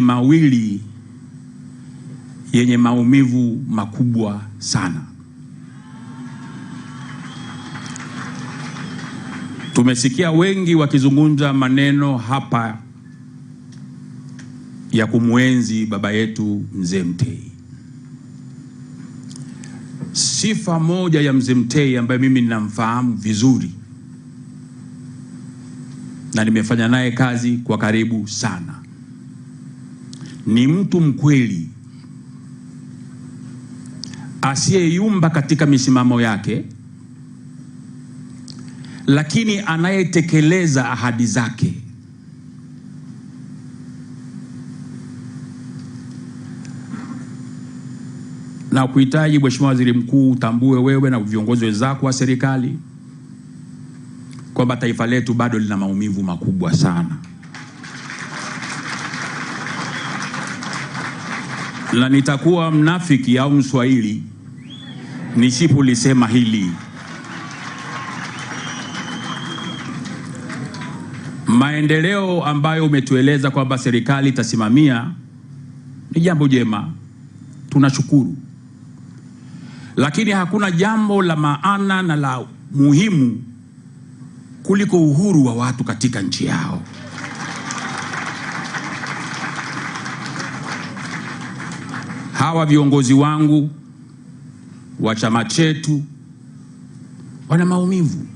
mawili yenye maumivu makubwa sana. Tumesikia wengi wakizungumza maneno hapa ya kumwenzi baba yetu Mzee Mtei. Sifa moja ya Mzee Mtei ambaye mimi ninamfahamu vizuri na nimefanya naye kazi kwa karibu sana ni mtu mkweli asiyeyumba katika misimamo yake, lakini anayetekeleza ahadi zake. Na kuhitaji Mheshimiwa Waziri Mkuu, utambue wewe na viongozi wenzako wa serikali kwamba taifa letu bado lina maumivu makubwa sana. na nitakuwa mnafiki au mswahili nisipolisema hili. Maendeleo ambayo umetueleza kwamba serikali itasimamia ni jambo jema, tunashukuru, lakini hakuna jambo la maana na la muhimu kuliko uhuru wa watu katika nchi yao. hawa viongozi wangu wa chama chetu wana maumivu.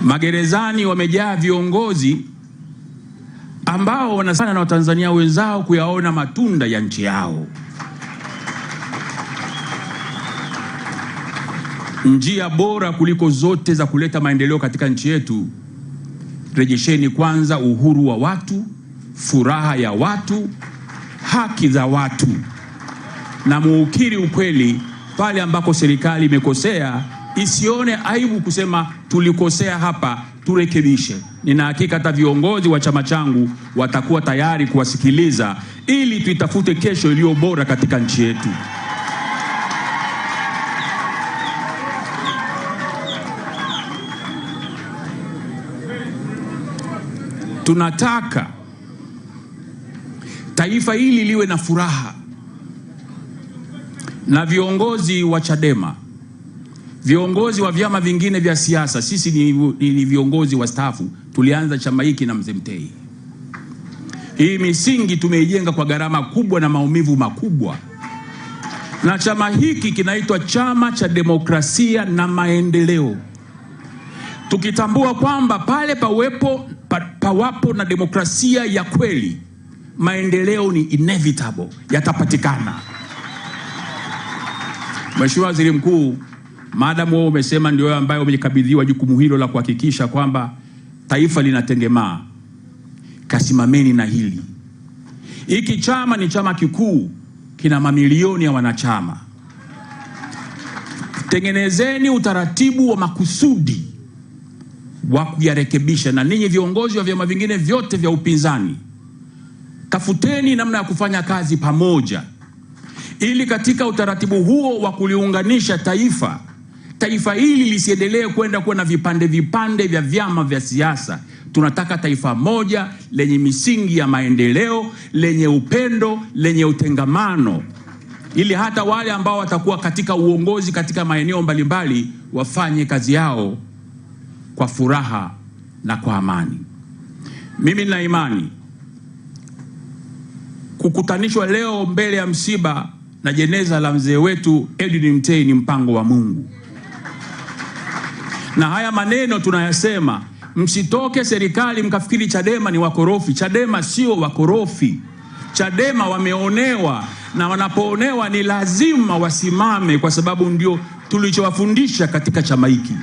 Magerezani wamejaa viongozi ambao wanasana na Watanzania wenzao kuyaona matunda ya nchi yao. Njia bora kuliko zote za kuleta maendeleo katika nchi yetu, rejesheni kwanza uhuru wa watu, furaha ya watu haki za watu na muukiri ukweli pale ambako serikali imekosea, isione aibu kusema tulikosea hapa, turekebishe. Nina hakika hata viongozi wa chama changu watakuwa tayari kuwasikiliza ili tuitafute kesho iliyo bora katika nchi yetu. Tunataka taifa hili liwe na furaha, na viongozi wa Chadema, viongozi wa vyama vingine vya siasa, sisi ni, ni viongozi wa staafu, tulianza chama hiki na mzee Mtei. Hii misingi tumeijenga kwa gharama kubwa na maumivu makubwa, na chama hiki kinaitwa Chama cha Demokrasia na Maendeleo, tukitambua kwamba pale pawepo, pa, pawapo na demokrasia ya kweli maendeleo ni inevitable, yatapatikana. Mheshimiwa Waziri Mkuu, maadamu wewe umesema ndio wewe ambaye umekabidhiwa jukumu hilo la kuhakikisha kwamba taifa linatengemaa, kasimameni na hili. Hiki chama ni chama kikuu, kina mamilioni ya wanachama. Tengenezeni utaratibu wa makusudi wa kuyarekebisha, na ninyi viongozi wa vyama vingine vyote vya upinzani tafuteni namna ya kufanya kazi pamoja, ili katika utaratibu huo wa kuliunganisha taifa, taifa hili lisiendelee kwenda kuwa na vipande vipande vya vyama vya siasa. Tunataka taifa moja lenye misingi ya maendeleo, lenye upendo, lenye utengamano, ili hata wale ambao watakuwa katika uongozi katika maeneo mbalimbali wafanye kazi yao kwa furaha na kwa amani. Mimi nina imani kukutanishwa leo mbele ya msiba na jeneza la mzee wetu Edwin Mtei ni mpango wa Mungu, na haya maneno tunayasema, msitoke serikali mkafikiri Chadema ni wakorofi. Chadema sio wakorofi. Chadema wameonewa, na wanapoonewa ni lazima wasimame, kwa sababu ndio tulichowafundisha katika chama hiki.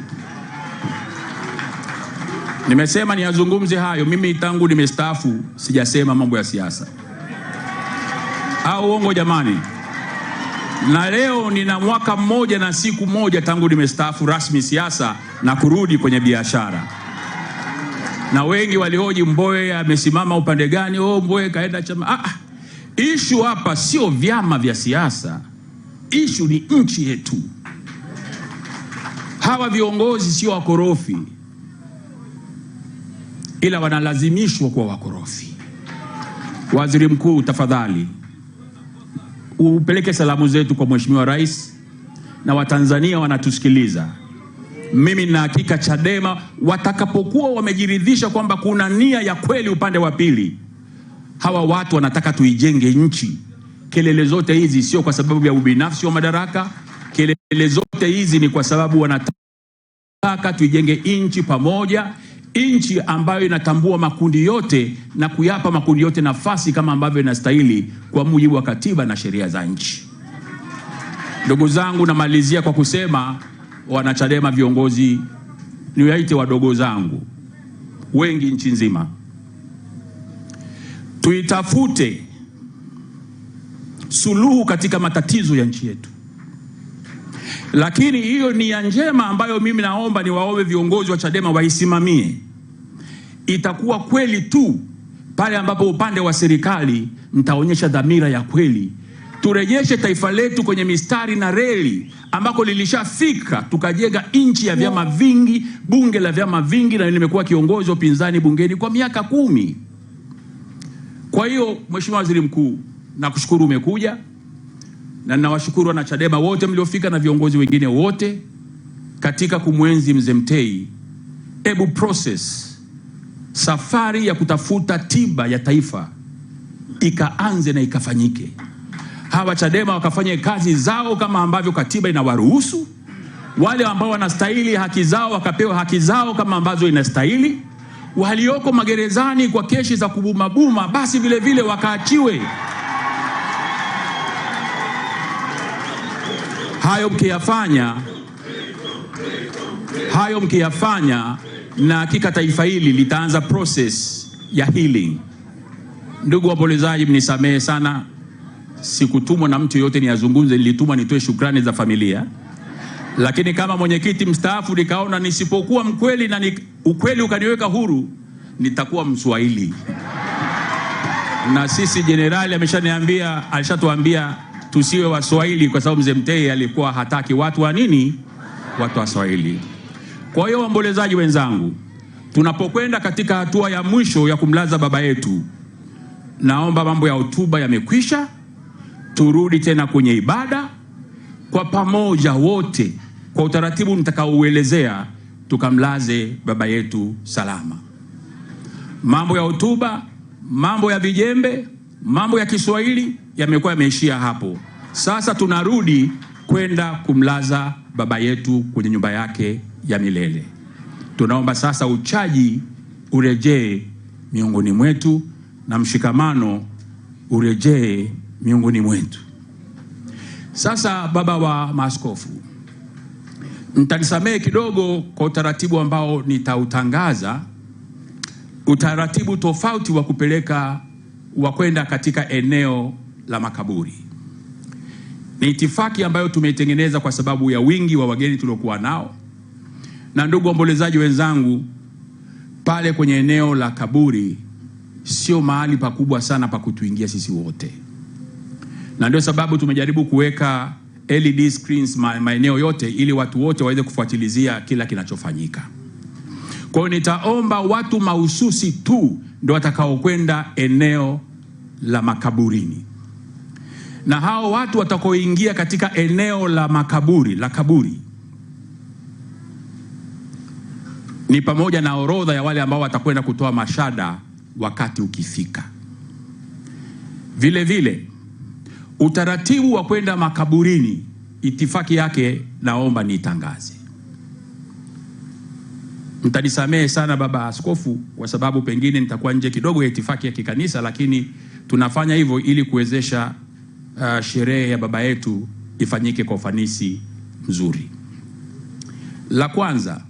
Nimesema niyazungumze hayo. Mimi tangu nimestaafu sijasema mambo ya siasa au uongo jamani? Na leo nina mwaka mmoja na siku moja tangu nimestaafu rasmi siasa na kurudi kwenye biashara, na wengi walioji Mbowe amesimama upande gani? Oh, Mbowe kaenda chama. Ah, ah. ishu hapa sio vyama vya siasa, ishu ni nchi yetu. Hawa viongozi sio wakorofi, ila wanalazimishwa kuwa wakorofi. Waziri Mkuu, tafadhali upeleke salamu zetu kwa Mheshimiwa Rais na Watanzania wanatusikiliza. Mimi nina hakika Chadema watakapokuwa wamejiridhisha kwamba kuna nia ya kweli upande wa pili, hawa watu wanataka tuijenge nchi. Kelele zote hizi sio kwa sababu ya ubinafsi wa madaraka. Kelele zote hizi ni kwa sababu wanataka tuijenge nchi pamoja nchi ambayo inatambua makundi yote na kuyapa makundi yote nafasi kama ambavyo inastahili kwa mujibu wa katiba na sheria za nchi. Ndugu zangu, namalizia kwa kusema wanachadema, viongozi niwaite wadogo zangu wengi nchi nzima, tuitafute suluhu katika matatizo ya nchi yetu. Lakini hiyo ni ya njema ambayo mimi naomba niwaombe viongozi wa Chadema waisimamie itakuwa kweli tu pale ambapo upande wa serikali mtaonyesha dhamira ya kweli, turejeshe taifa letu kwenye mistari na reli ambako lilishafika, tukajenga nchi ya vyama vingi, bunge la vyama vingi, na nimekuwa kiongozi wa upinzani bungeni kwa miaka kumi. Kwa hiyo Mheshimiwa Waziri Mkuu, nakushukuru umekuja na ninawashukuru chadema wote mliofika na viongozi wengine wote katika kumwenzi mzee Mtei. Ebu process safari ya kutafuta tiba ya taifa ikaanze na ikafanyike. Hawa Chadema wakafanya kazi zao kama ambavyo katiba inawaruhusu, wale ambao wanastahili haki zao wakapewa haki zao kama ambazo inastahili, walioko magerezani kwa keshi za kubumabuma basi vilevile wakaachiwe. hayo mkiyafanya, hayo mkiyafanya, na hakika taifa hili litaanza process ya healing. Ndugu waombolezaji, mnisamehe sana, sikutumwa na mtu yoyote niyazungumze, nilitumwa nitoe shukrani za familia, lakini kama mwenyekiti mstaafu nikaona nisipokuwa mkweli na ni, ukweli ukaniweka huru, nitakuwa Mswahili na sisi jenerali ameshaniambia, alishatuambia tusiwe Waswahili kwa sababu mzee Mtei alikuwa hataki watu wa nini, watu wa Swahili. Kwa hiyo waombolezaji wenzangu, tunapokwenda katika hatua ya mwisho ya kumlaza baba yetu, naomba mambo ya hotuba yamekwisha, turudi tena kwenye ibada kwa pamoja wote, kwa utaratibu nitakaouelezea, tukamlaze baba yetu salama. Mambo ya hotuba, mambo ya vijembe, mambo ya Kiswahili yamekuwa yameishia hapo. Sasa tunarudi kwenda kumlaza baba yetu kwenye nyumba yake ya milele. Tunaomba sasa uchaji urejee miongoni mwetu na mshikamano urejee miongoni mwetu. Sasa baba wa maaskofu, mtanisamehe kidogo kwa utaratibu ambao nitautangaza, utaratibu tofauti wa kupeleka wa kwenda katika eneo la makaburi. Ni itifaki ambayo tumeitengeneza kwa sababu ya wingi wa wageni tuliokuwa nao. Na ndugu waombolezaji wenzangu, pale kwenye eneo la kaburi sio mahali pakubwa sana pa kutuingia sisi wote, na ndio sababu tumejaribu kuweka LED screens maeneo yote, ili watu wote waweze kufuatilizia kila kinachofanyika. Kwa hiyo nitaomba watu mahususi tu ndio watakaokwenda eneo la makaburini na hao watu watakaoingia katika eneo la makaburi la kaburi ni pamoja na orodha ya wale ambao watakwenda kutoa mashada wakati ukifika. Vile vile utaratibu wa kwenda makaburini, itifaki yake naomba niitangaze. Mtanisamehe sana baba askofu, kwa sababu pengine nitakuwa nje kidogo ya itifaki ya kikanisa, lakini tunafanya hivyo ili kuwezesha uh, sherehe ya baba yetu ifanyike kwa ufanisi mzuri. La kwanza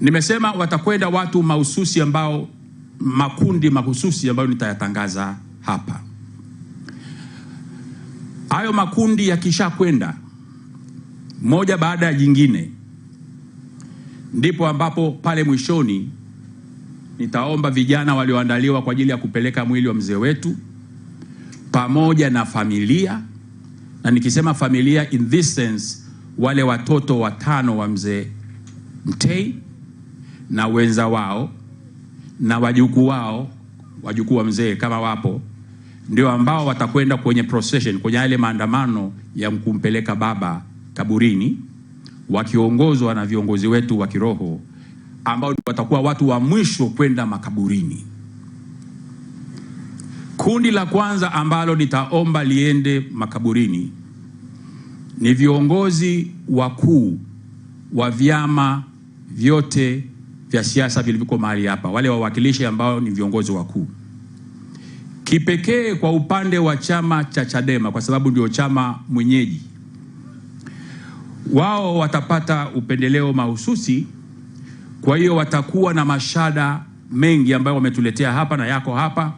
nimesema watakwenda watu mahususi ambao makundi mahususi ambayo nitayatangaza hapa. Hayo makundi yakishakwenda moja baada ya jingine, ndipo ambapo pale mwishoni nitaomba vijana walioandaliwa kwa ajili ya kupeleka mwili wa mzee wetu pamoja na familia, na nikisema familia in this sense, wale watoto watano wa mzee Mtei na wenza wao na wajukuu wao, wajukuu wa mzee kama wapo, ndio ambao watakwenda kwenye procession, kwenye yale maandamano ya kumpeleka baba kaburini, wakiongozwa na viongozi wetu wa kiroho ambao watakuwa watu wa mwisho kwenda makaburini. Kundi la kwanza ambalo nitaomba liende makaburini ni viongozi wakuu wa vyama vyote vya siasa vilivyoko mahali hapa, wale wawakilishi ambao ni viongozi wakuu, kipekee kwa upande wa chama cha Chadema kwa sababu ndio chama mwenyeji. Wao watapata upendeleo mahususi, kwa hiyo watakuwa na mashada mengi ambayo wametuletea hapa na yako hapa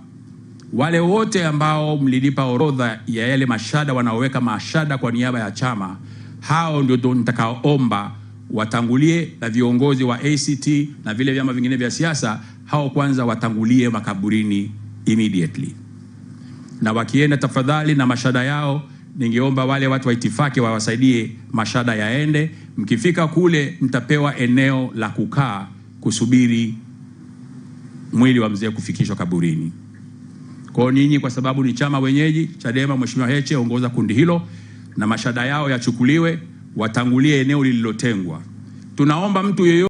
wale wote ambao mlilipa orodha ya yale mashada wanaoweka mashada kwa niaba ya chama, hao ndio nitakaoomba watangulie, na viongozi wa ACT na vile vyama vingine vya siasa, hao kwanza watangulie makaburini immediately, na wakienda tafadhali na mashada yao ningeomba wale watu wa itifaki wawasaidie mashada yaende. Mkifika kule, mtapewa eneo la kukaa kusubiri mwili wa mzee kufikishwa kaburini. Kwa ninyi kwa sababu ni chama wenyeji Chadema, Mheshimiwa Heche ongoza kundi hilo na mashada yao yachukuliwe, watangulie eneo lililotengwa. Tunaomba mtu yeyote